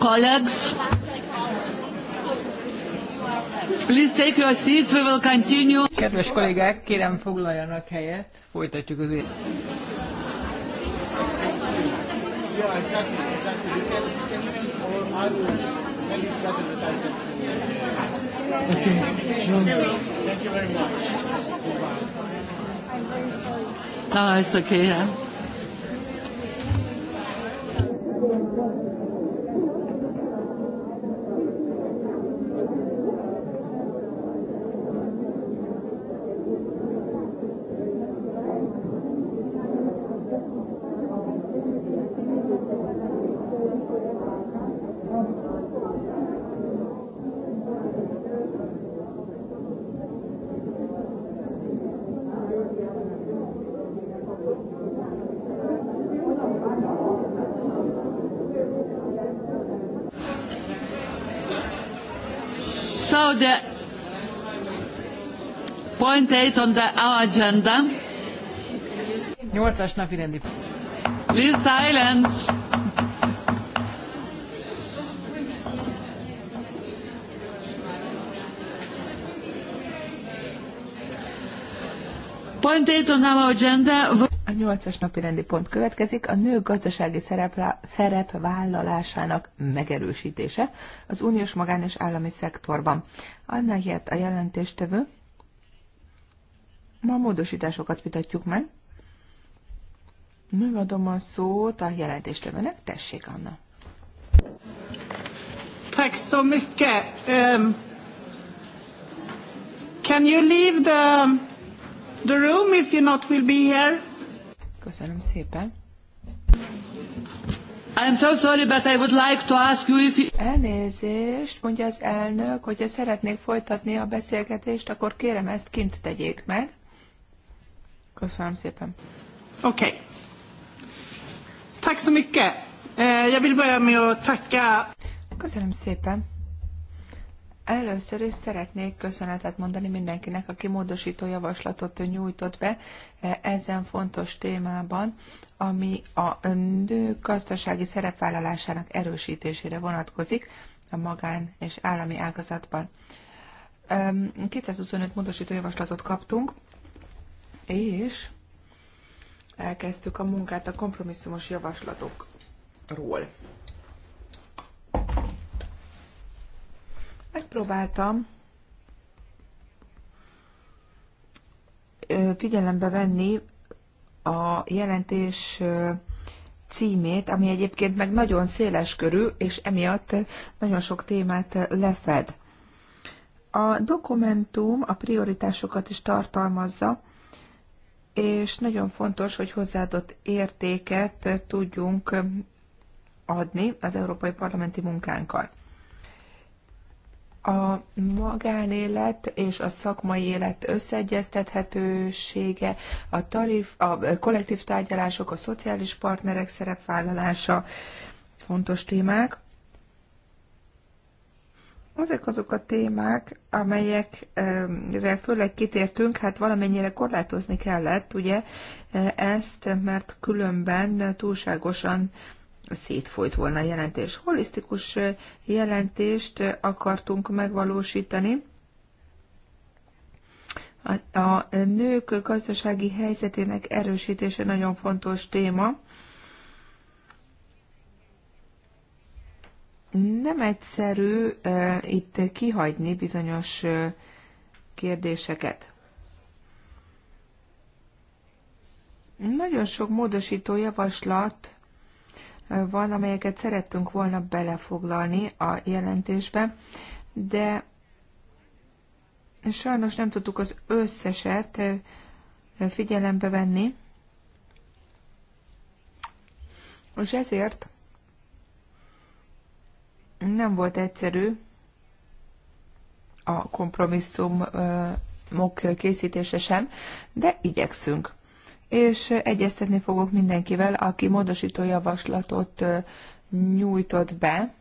Colleagues, please take your seats, we will continue. Kedves kollégák, kérem foglaljanak helyet, folytatjuk az ügyet. Okay. Ah, Thank No, it's okay. huh? the point eight on the our agenda. Nyolcas napi rendi. Please silence. Point eight on our agenda. A nyolcas napi rendi pont következik, a nők gazdasági szerepvállalásának megerősítése az uniós magán és állami szektorban. Anna Hiet a jelentéstevő. Ma a módosításokat vitatjuk meg. Megadom a szót a jelentéstevőnek. Tessék, Anna. Tack så mycket. Um, can you leave the, the room if you not will be here? Köszönöm szépen. I'm so sorry, but I would like to ask you if... Elnézést, mondja az elnök, hogyha szeretnék folytatni a beszélgetést, akkor kérem ezt kint tegyék meg. Köszönöm szépen. Oké. Okay. Tack så mycket. Eh, jag vill börja med att tacka... Köszönöm szépen. Először is szeretnék köszönetet mondani mindenkinek, aki módosító javaslatot nyújtott be e, ezen fontos témában, ami a nő gazdasági szerepvállalásának erősítésére vonatkozik a magán és állami ágazatban. 225 módosító javaslatot kaptunk, és elkezdtük a munkát a kompromisszumos javaslatokról. Megpróbáltam figyelembe venni a jelentés címét, ami egyébként meg nagyon széles körű, és emiatt nagyon sok témát lefed. A dokumentum a prioritásokat is tartalmazza, és nagyon fontos, hogy hozzáadott értéket tudjunk adni az európai parlamenti munkánkkal a magánélet és a szakmai élet összeegyeztethetősége, a, tarif, a kollektív tárgyalások, a szociális partnerek szerepvállalása fontos témák. Azok azok a témák, amelyekre főleg kitértünk, hát valamennyire korlátozni kellett, ugye, ezt, mert különben túlságosan szétfolyt volna a jelentés. Holisztikus jelentést akartunk megvalósítani. A, a nők gazdasági helyzetének erősítése nagyon fontos téma. Nem egyszerű e, itt kihagyni bizonyos e, kérdéseket. Nagyon sok módosító javaslat van, amelyeket szerettünk volna belefoglalni a jelentésbe, de sajnos nem tudtuk az összeset figyelembe venni, és ezért nem volt egyszerű a kompromisszumok készítése sem, de igyekszünk és egyeztetni fogok mindenkivel, aki módosító javaslatot nyújtott be.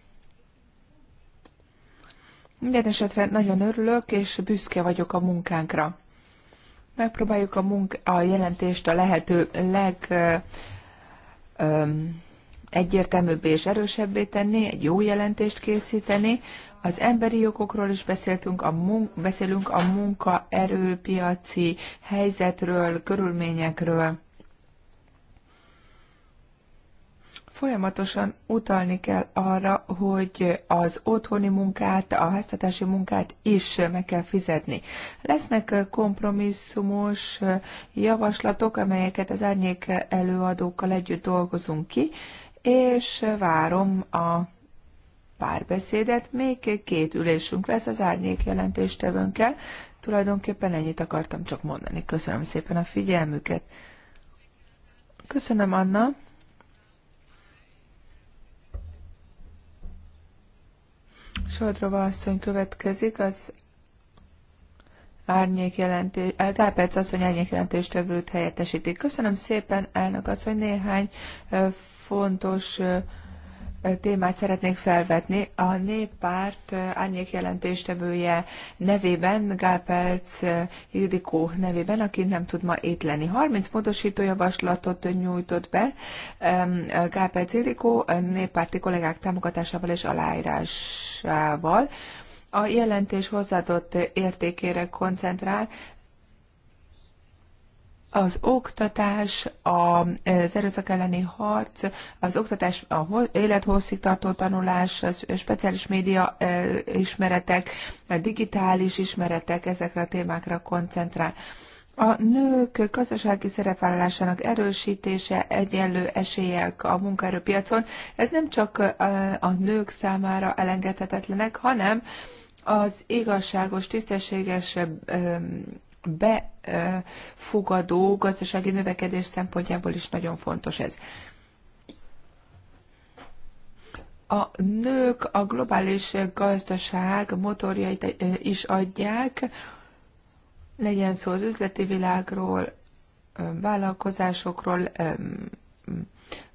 Minden esetre nagyon örülök, és büszke vagyok a munkánkra. Megpróbáljuk a, munk- a jelentést a lehető leg... Ö, ö, egyértelműbbé és erősebbé tenni, egy jó jelentést készíteni. Az emberi jogokról is beszéltünk, a munk- beszélünk a munkaerőpiaci helyzetről, körülményekről. Folyamatosan utalni kell arra, hogy az otthoni munkát, a háztatási munkát is meg kell fizetni. Lesznek kompromisszumos javaslatok, amelyeket az árnyék előadókkal együtt dolgozunk ki és várom a párbeszédet. Még két ülésünk lesz az árnyék jelentéstevőnkkel. Tulajdonképpen ennyit akartam csak mondani. Köszönöm szépen a figyelmüket. Köszönöm, Anna. Sodrova asszony következik az árnyék jelentés, eh, Gálperc asszony árnyék jelentéstevőt helyettesíti. Köszönöm szépen, elnök asszony, néhány eh, fontos eh, témát szeretnék felvetni. A néppárt árnyék jelentéstevője nevében, Gálperc Ildikó nevében, aki nem tud ma itt lenni. 30 módosító javaslatot nyújtott be Gálperc Ildikó néppárti kollégák támogatásával és aláírásával. A jelentés hozzáadott értékére koncentrál, az oktatás, az erőszak elleni harc, az oktatás, a élethosszig tartó tanulás, a speciális média e, ismeretek, a digitális ismeretek, ezekre a témákra koncentrál. A nők gazdasági szerepvállalásának erősítése egyenlő esélyek a munkaerőpiacon, ez nem csak e, a nők számára elengedhetetlenek, hanem az igazságos, tisztességes befogadó gazdasági növekedés szempontjából is nagyon fontos ez. A nők a globális gazdaság motorjait is adják, legyen szó az üzleti világról, vállalkozásokról,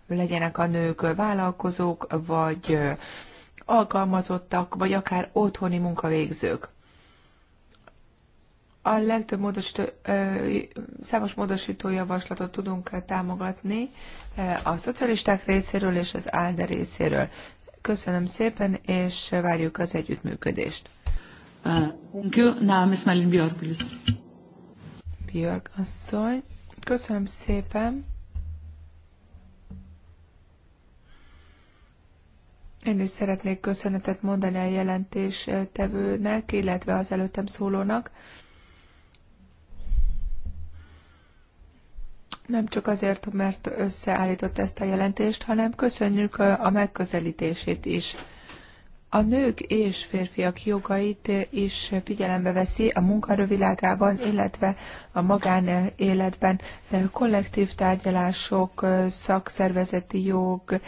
legyenek a nők vállalkozók, vagy alkalmazottak, vagy akár otthoni munkavégzők. A legtöbb módosító, számos módosító javaslatot tudunk támogatni a szocialisták részéről és az ALDE részéről. Köszönöm szépen, és várjuk az együttműködést. Uh, Björk asszony. Köszönöm szépen. Én is szeretnék köszönetet mondani a jelentéstevőnek, illetve az előttem szólónak. Nem csak azért, mert összeállított ezt a jelentést, hanem köszönjük a megközelítését is. A nők és férfiak jogait is figyelembe veszi a világában illetve a magánéletben kollektív tárgyalások, szakszervezeti jog,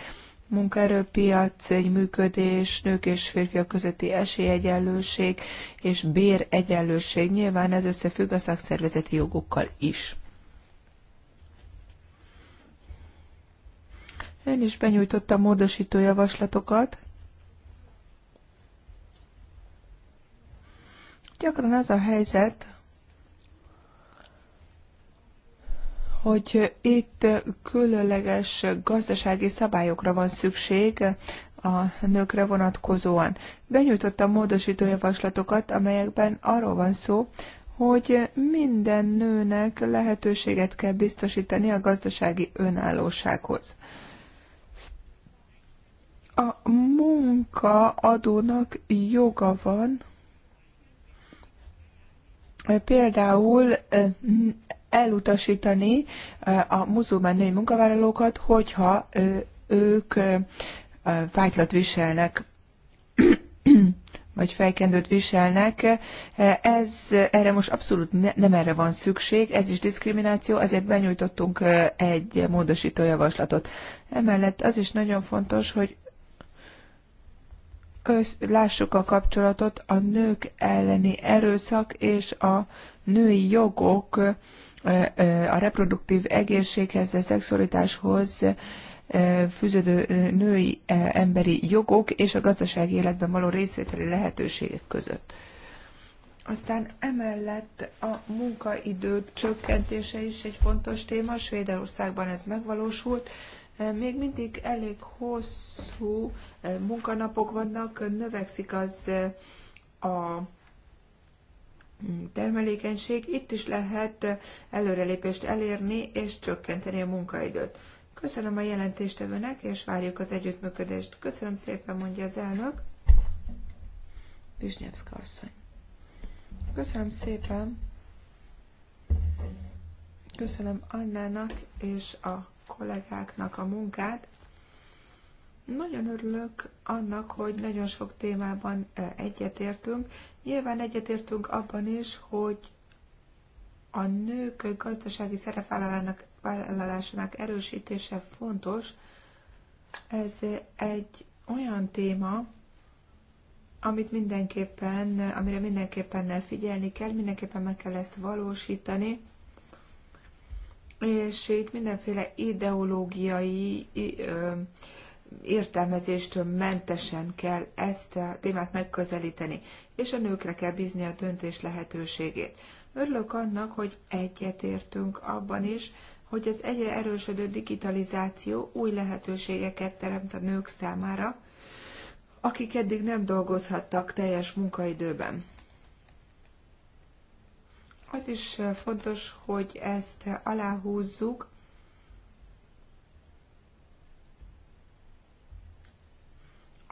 munkaerőpiac, egy működés, nők és férfiak közötti esélyegyenlőség és béregyenlőség. Nyilván ez összefügg a szakszervezeti jogokkal is. Én is benyújtottam módosító javaslatokat. Gyakran az a helyzet, hogy itt különleges gazdasági szabályokra van szükség a nőkre vonatkozóan. Benyújtottam módosító javaslatokat, amelyekben arról van szó, hogy minden nőnek lehetőséget kell biztosítani a gazdasági önállósághoz. A munkaadónak joga van például elutasítani a muzulmán női munkavállalókat, hogyha ők fájtlat viselnek, vagy fejkendőt viselnek. Ez, erre most abszolút ne, nem erre van szükség, ez is diszkrimináció, ezért benyújtottunk egy módosító javaslatot. Emellett az is nagyon fontos, hogy össz, lássuk a kapcsolatot a nők elleni erőszak és a női jogok a reproduktív egészséghez, a szexualitáshoz fűződő női emberi jogok és a gazdasági életben való részvételi lehetőségek között. Aztán emellett a munkaidő csökkentése is egy fontos téma, Svédországban ez megvalósult. Még mindig elég hosszú munkanapok vannak, növekszik az a termelékenység, itt is lehet előrelépést elérni és csökkenteni a munkaidőt. Köszönöm a jelentéstevőnek, és várjuk az együttműködést. Köszönöm szépen, mondja az elnök. Visnyevszka asszony. Köszönöm szépen. Köszönöm Annának és a kollégáknak a munkát. Nagyon örülök annak, hogy nagyon sok témában egyetértünk. Nyilván egyetértünk abban is, hogy a nők gazdasági szerepvállalásának erősítése fontos. Ez egy olyan téma, amit mindenképpen, amire mindenképpen figyelni kell, mindenképpen meg kell ezt valósítani, és itt mindenféle ideológiai értelmezéstől mentesen kell ezt a témát megközelíteni, és a nőkre kell bízni a döntés lehetőségét. Örülök annak, hogy egyetértünk abban is, hogy az egyre erősödő digitalizáció új lehetőségeket teremt a nők számára, akik eddig nem dolgozhattak teljes munkaidőben. Az is fontos, hogy ezt aláhúzzuk,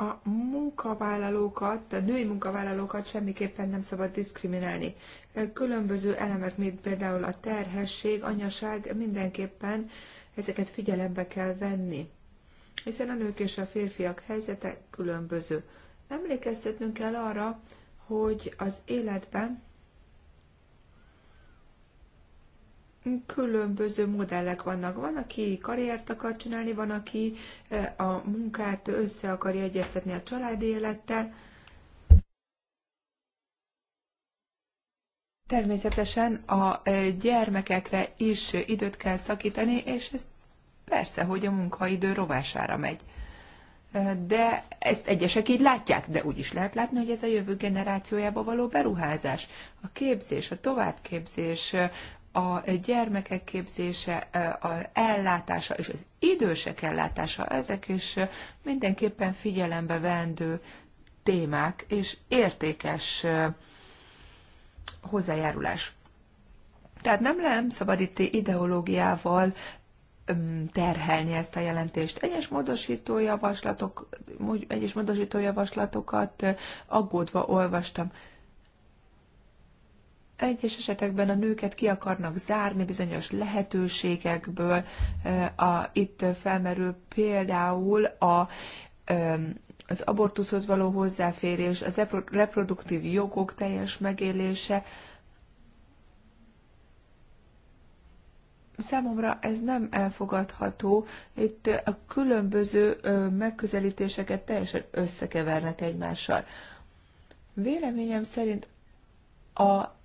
a munkavállalókat, a női munkavállalókat semmiképpen nem szabad diszkriminálni. Különböző elemek, mint például a terhesség, anyaság, mindenképpen ezeket figyelembe kell venni. Hiszen a nők és a férfiak helyzete különböző. Emlékeztetnünk kell arra, hogy az életben különböző modellek vannak. Van, aki karriert akar csinálni, van, aki e, a munkát össze akarja egyeztetni a családi élettel. Természetesen a e, gyermekekre is időt kell szakítani, és ez persze, hogy a munkaidő rovására megy. E, de ezt egyesek így látják, de úgy is lehet látni, hogy ez a jövő generációjába való beruházás. A képzés, a továbbképzés, a gyermekek képzése, a ellátása és az idősek ellátása, ezek is mindenképpen figyelembe vendő témák és értékes hozzájárulás. Tehát nem lehet szabadíti ideológiával terhelni ezt a jelentést. Egyes módosító javaslatok, egyes módosító javaslatokat aggódva olvastam. Egyes esetekben a nőket ki akarnak zárni bizonyos lehetőségekből. A, itt felmerül például a, az abortuszhoz való hozzáférés, az reproduktív jogok teljes megélése. Számomra ez nem elfogadható. Itt a különböző megközelítéseket teljesen összekevernek egymással. Véleményem szerint a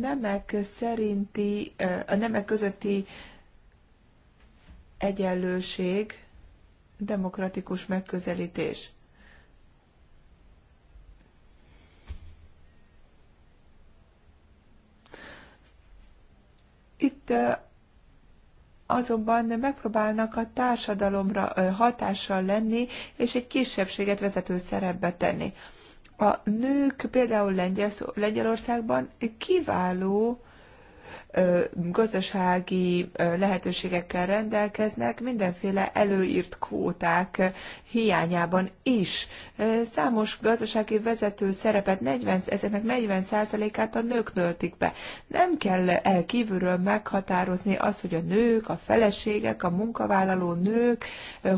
nemek szerinti, eh, a nemek közötti egyenlőség, demokratikus megközelítés. Itt eh, azonban megpróbálnak a társadalomra eh, hatással lenni, és egy kisebbséget vezető szerepbe tenni. A nők például Lengyelországban kiváló ö, gazdasági ö, lehetőségekkel rendelkeznek, mindenféle előírt kvóták hiányában is. Ö, számos gazdasági vezető szerepet, 40, ezeknek 40%-át a nők töltik be. Nem kell el kívülről meghatározni azt, hogy a nők, a feleségek, a munkavállaló nők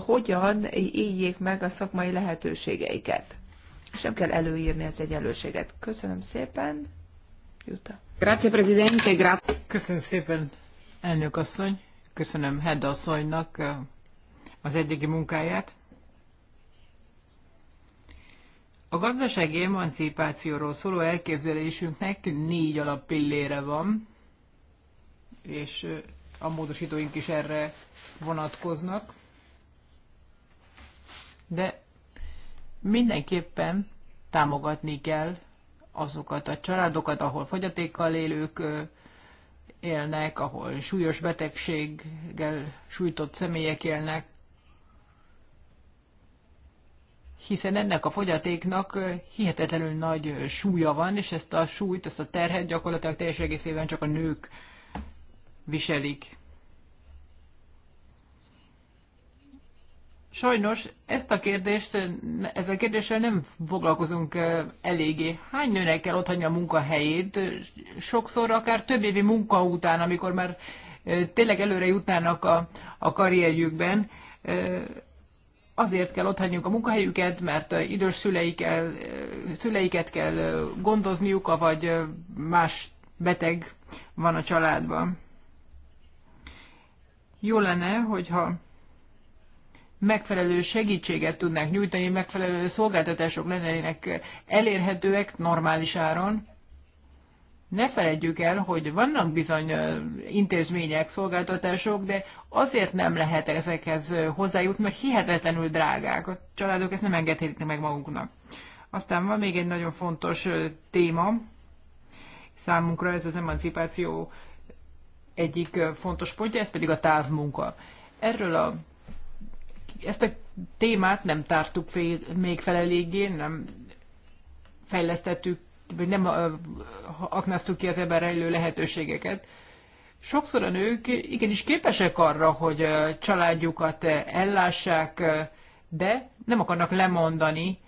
hogyan éljék meg a szakmai lehetőségeiket és nem kell előírni az egyenlőséget. Köszönöm szépen, Juta. Grazie, Presidente, grazie. Köszönöm szépen, elnök asszony. Köszönöm Hedda asszonynak eh, az eddigi munkáját. A gazdasági emancipációról szóló elképzelésünknek négy pillére van, és eh, a módosítóink is erre vonatkoznak. De Mindenképpen támogatni kell azokat a családokat, ahol fogyatékkal élők élnek, ahol súlyos betegséggel sújtott személyek élnek, hiszen ennek a fogyatéknak hihetetlenül nagy súlya van, és ezt a súlyt, ezt a terhet gyakorlatilag teljes egészében csak a nők viselik. Sajnos ezt a kérdést, ezzel a kérdéssel nem foglalkozunk eléggé. Hány nőnek kell otthagyni a munkahelyét? Sokszor akár több évi munka után, amikor már tényleg előre jutnának a, a karrierjükben, azért kell otthagyniuk a munkahelyüket, mert idős szüleikkel, szüleiket kell gondozniuk, vagy más beteg van a családban. Jó lenne, hogyha megfelelő segítséget tudnánk nyújtani, megfelelő szolgáltatások lennének elérhetőek normális áron. Ne feledjük el, hogy vannak bizony intézmények, szolgáltatások, de azért nem lehet ezekhez hozzájutni, mert hihetetlenül drágák. A családok ezt nem engedhetik meg maguknak. Aztán van még egy nagyon fontos téma, számunkra ez az emancipáció egyik fontos pontja, ez pedig a távmunka. Erről a ezt a témát nem tártuk fél, még fel eléggé, nem fejlesztettük, vagy nem aknáztuk ki az ebben rejlő lehetőségeket. Sokszor a nők igenis képesek arra, hogy családjukat ellássák, de nem akarnak lemondani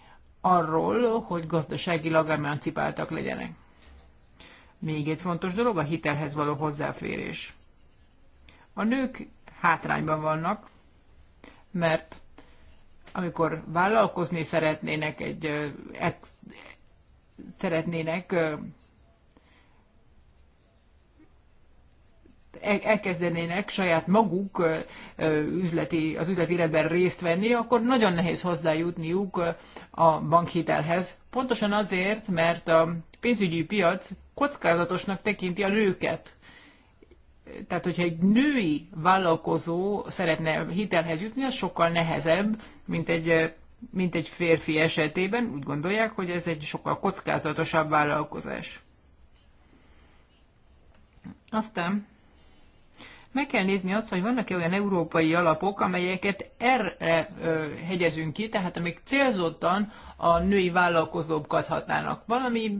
arról, hogy gazdaságilag emancipáltak legyenek. Még egy fontos dolog a hitelhez való hozzáférés. A nők hátrányban vannak, mert amikor vállalkozni szeretnének egy szeretnének e- elkezdenének saját maguk üzleti, az üzleti életben részt venni, akkor nagyon nehéz hozzájutniuk a bankhitelhez. Pontosan azért, mert a pénzügyi piac kockázatosnak tekinti a nőket tehát hogyha egy női vállalkozó szeretne hitelhez jutni, az sokkal nehezebb, mint egy, mint egy férfi esetében. Úgy gondolják, hogy ez egy sokkal kockázatosabb vállalkozás. Aztán meg kell nézni azt, hogy vannak-e olyan európai alapok, amelyeket erre ö, hegyezünk ki, tehát amik célzottan a női vállalkozókat hatnának. Valami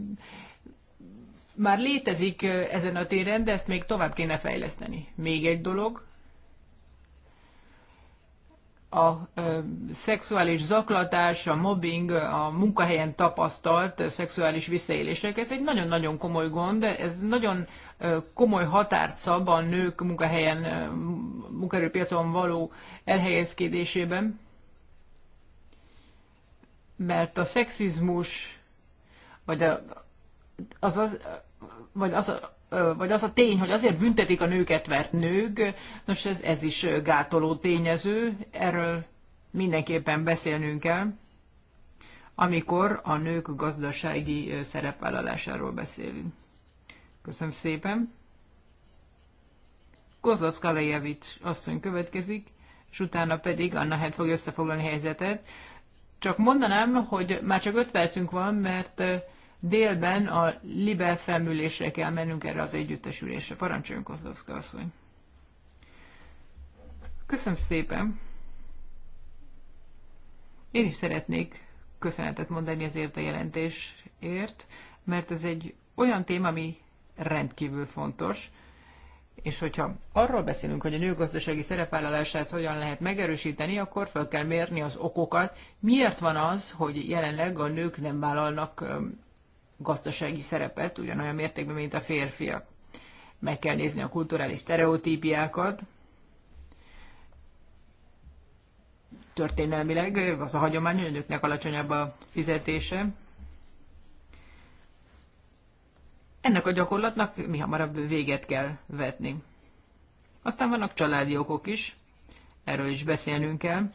már létezik ezen a téren, de ezt még tovább kéne fejleszteni. Még egy dolog, a ö, szexuális zaklatás, a mobbing, a munkahelyen tapasztalt szexuális visszaélések, ez egy nagyon-nagyon komoly gond, ez nagyon ö, komoly határt szab a nők munkahelyen, munkaerőpiacon való elhelyezkedésében, mert a szexizmus, vagy a, az, az, vagy az, vagy az a tény, hogy azért büntetik a nőket, mert nők, nos ez, ez is gátoló tényező, erről mindenképpen beszélnünk kell, amikor a nők gazdasági szerepvállalásáról beszélünk. Köszönöm szépen. Kozlovszka Lejevics asszony következik, és utána pedig Anna Hed fog összefoglalni helyzetet. Csak mondanám, hogy már csak öt percünk van, mert délben a Libel felműlésre kell mennünk erre az együttesülésre. Parancsoljon Kozlovszka asszony. Köszönöm szépen. Én is szeretnék köszönetet mondani ezért a jelentésért, mert ez egy olyan téma, ami rendkívül fontos, és hogyha arról beszélünk, hogy a nőgazdasági szerepvállalását hogyan lehet megerősíteni, akkor fel kell mérni az okokat. Miért van az, hogy jelenleg a nők nem vállalnak gazdasági szerepet, ugyanolyan mértékben, mint a férfiak. Meg kell nézni a kulturális sztereotípiákat, történelmileg az a hagyomány, hogy nőknek alacsonyabb a fizetése. Ennek a gyakorlatnak mi hamarabb véget kell vetni. Aztán vannak családi okok is, erről is beszélnünk kell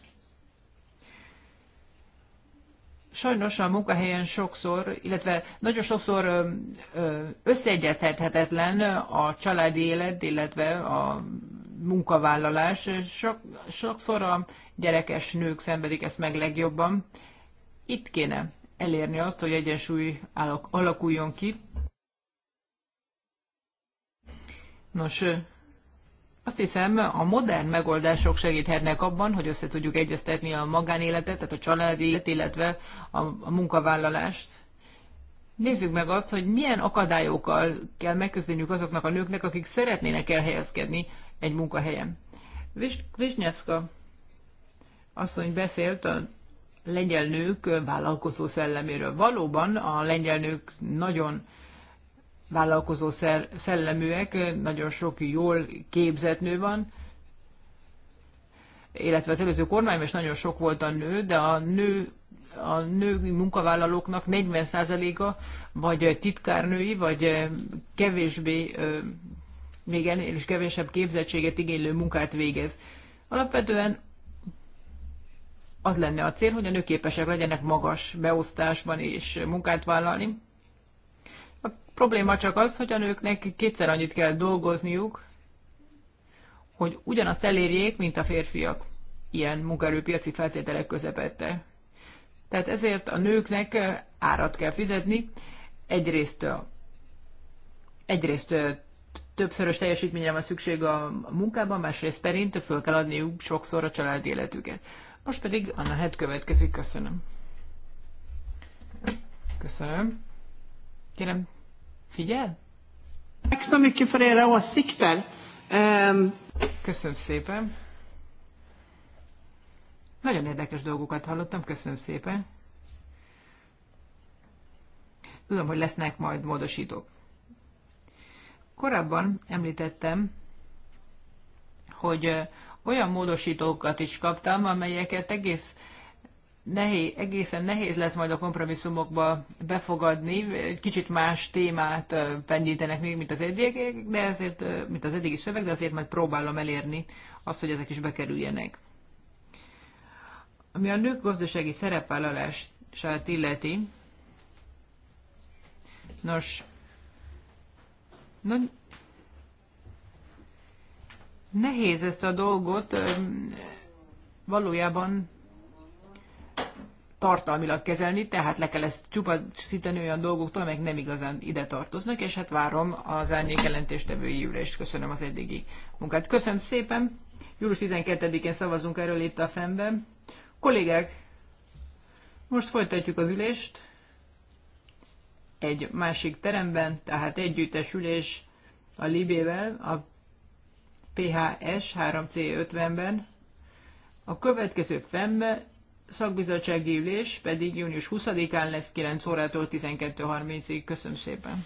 sajnos a munkahelyen sokszor, illetve nagyon sokszor összeegyeztethetetlen a családi élet, illetve a munkavállalás. Sok, sokszor a gyerekes nők szenvedik ezt meg legjobban. Itt kéne elérni azt, hogy egyensúly alakuljon ki. Nos, azt hiszem, a modern megoldások segíthetnek abban, hogy össze tudjuk egyeztetni a magánéletet, tehát a családi, illetve a, a munkavállalást. Nézzük meg azt, hogy milyen akadályokkal kell megküzdeniük azoknak a nőknek, akik szeretnének elhelyezkedni egy munkahelyen. Visnyevska asszony beszélt a lengyel nők vállalkozó szelleméről. Valóban a lengyel nők nagyon vállalkozó szelleműek, nagyon sok jól képzett nő van, illetve az előző kormányban is nagyon sok volt a nő, de a nő a női munkavállalóknak 40%-a vagy titkárnői, vagy kevésbé, még ennél is kevésebb képzettséget igénylő munkát végez. Alapvetően az lenne a cél, hogy a nők képesek legyenek magas beosztásban és munkát vállalni. A probléma csak az, hogy a nőknek kétszer annyit kell dolgozniuk, hogy ugyanazt elérjék, mint a férfiak ilyen munkaerőpiaci feltételek közepette. Tehát ezért a nőknek árat kell fizetni, egyrészt, egyrészt többszörös teljesítményre van szükség a munkában, másrészt perint föl kell adniuk sokszor a család életüket. Most pedig Anna Het következik, köszönöm. Köszönöm. Kérem, figyel! Tack så mycket för era åsikter. Ehm, köszönöm szépen. Nagyon érdekes dolgokat hallottam, köszönöm szépen. Tudom, hogy lesznek majd módosítók. Korábban említettem, hogy olyan módosítókat is kaptam, amelyeket egész nehéz, egészen nehéz lesz majd a kompromisszumokba befogadni. Egy kicsit más témát pendítenek még, mint az eddig de ezért, mint az eddigi szöveg, de azért majd próbálom elérni azt, hogy ezek is bekerüljenek. Ami a nők gazdasági szerepvállalását illeti, nos, na, nehéz ezt a dolgot valójában tartalmilag kezelni, tehát le kell ezt csupaszítani olyan dolgoktól, amelyek nem igazán ide tartoznak, és hát várom az árnyék jelentéstevői ülést. Köszönöm az eddigi munkát. Köszönöm szépen. Július 12-én szavazunk erről itt a fennben. Kollégák, most folytatjuk az ülést egy másik teremben, tehát együttes ülés a Libével, a PHS 3C50-ben. A következő fennben szakbizottsági ülés pedig június 20-án lesz 9 órától 12.30-ig. Köszönöm szépen!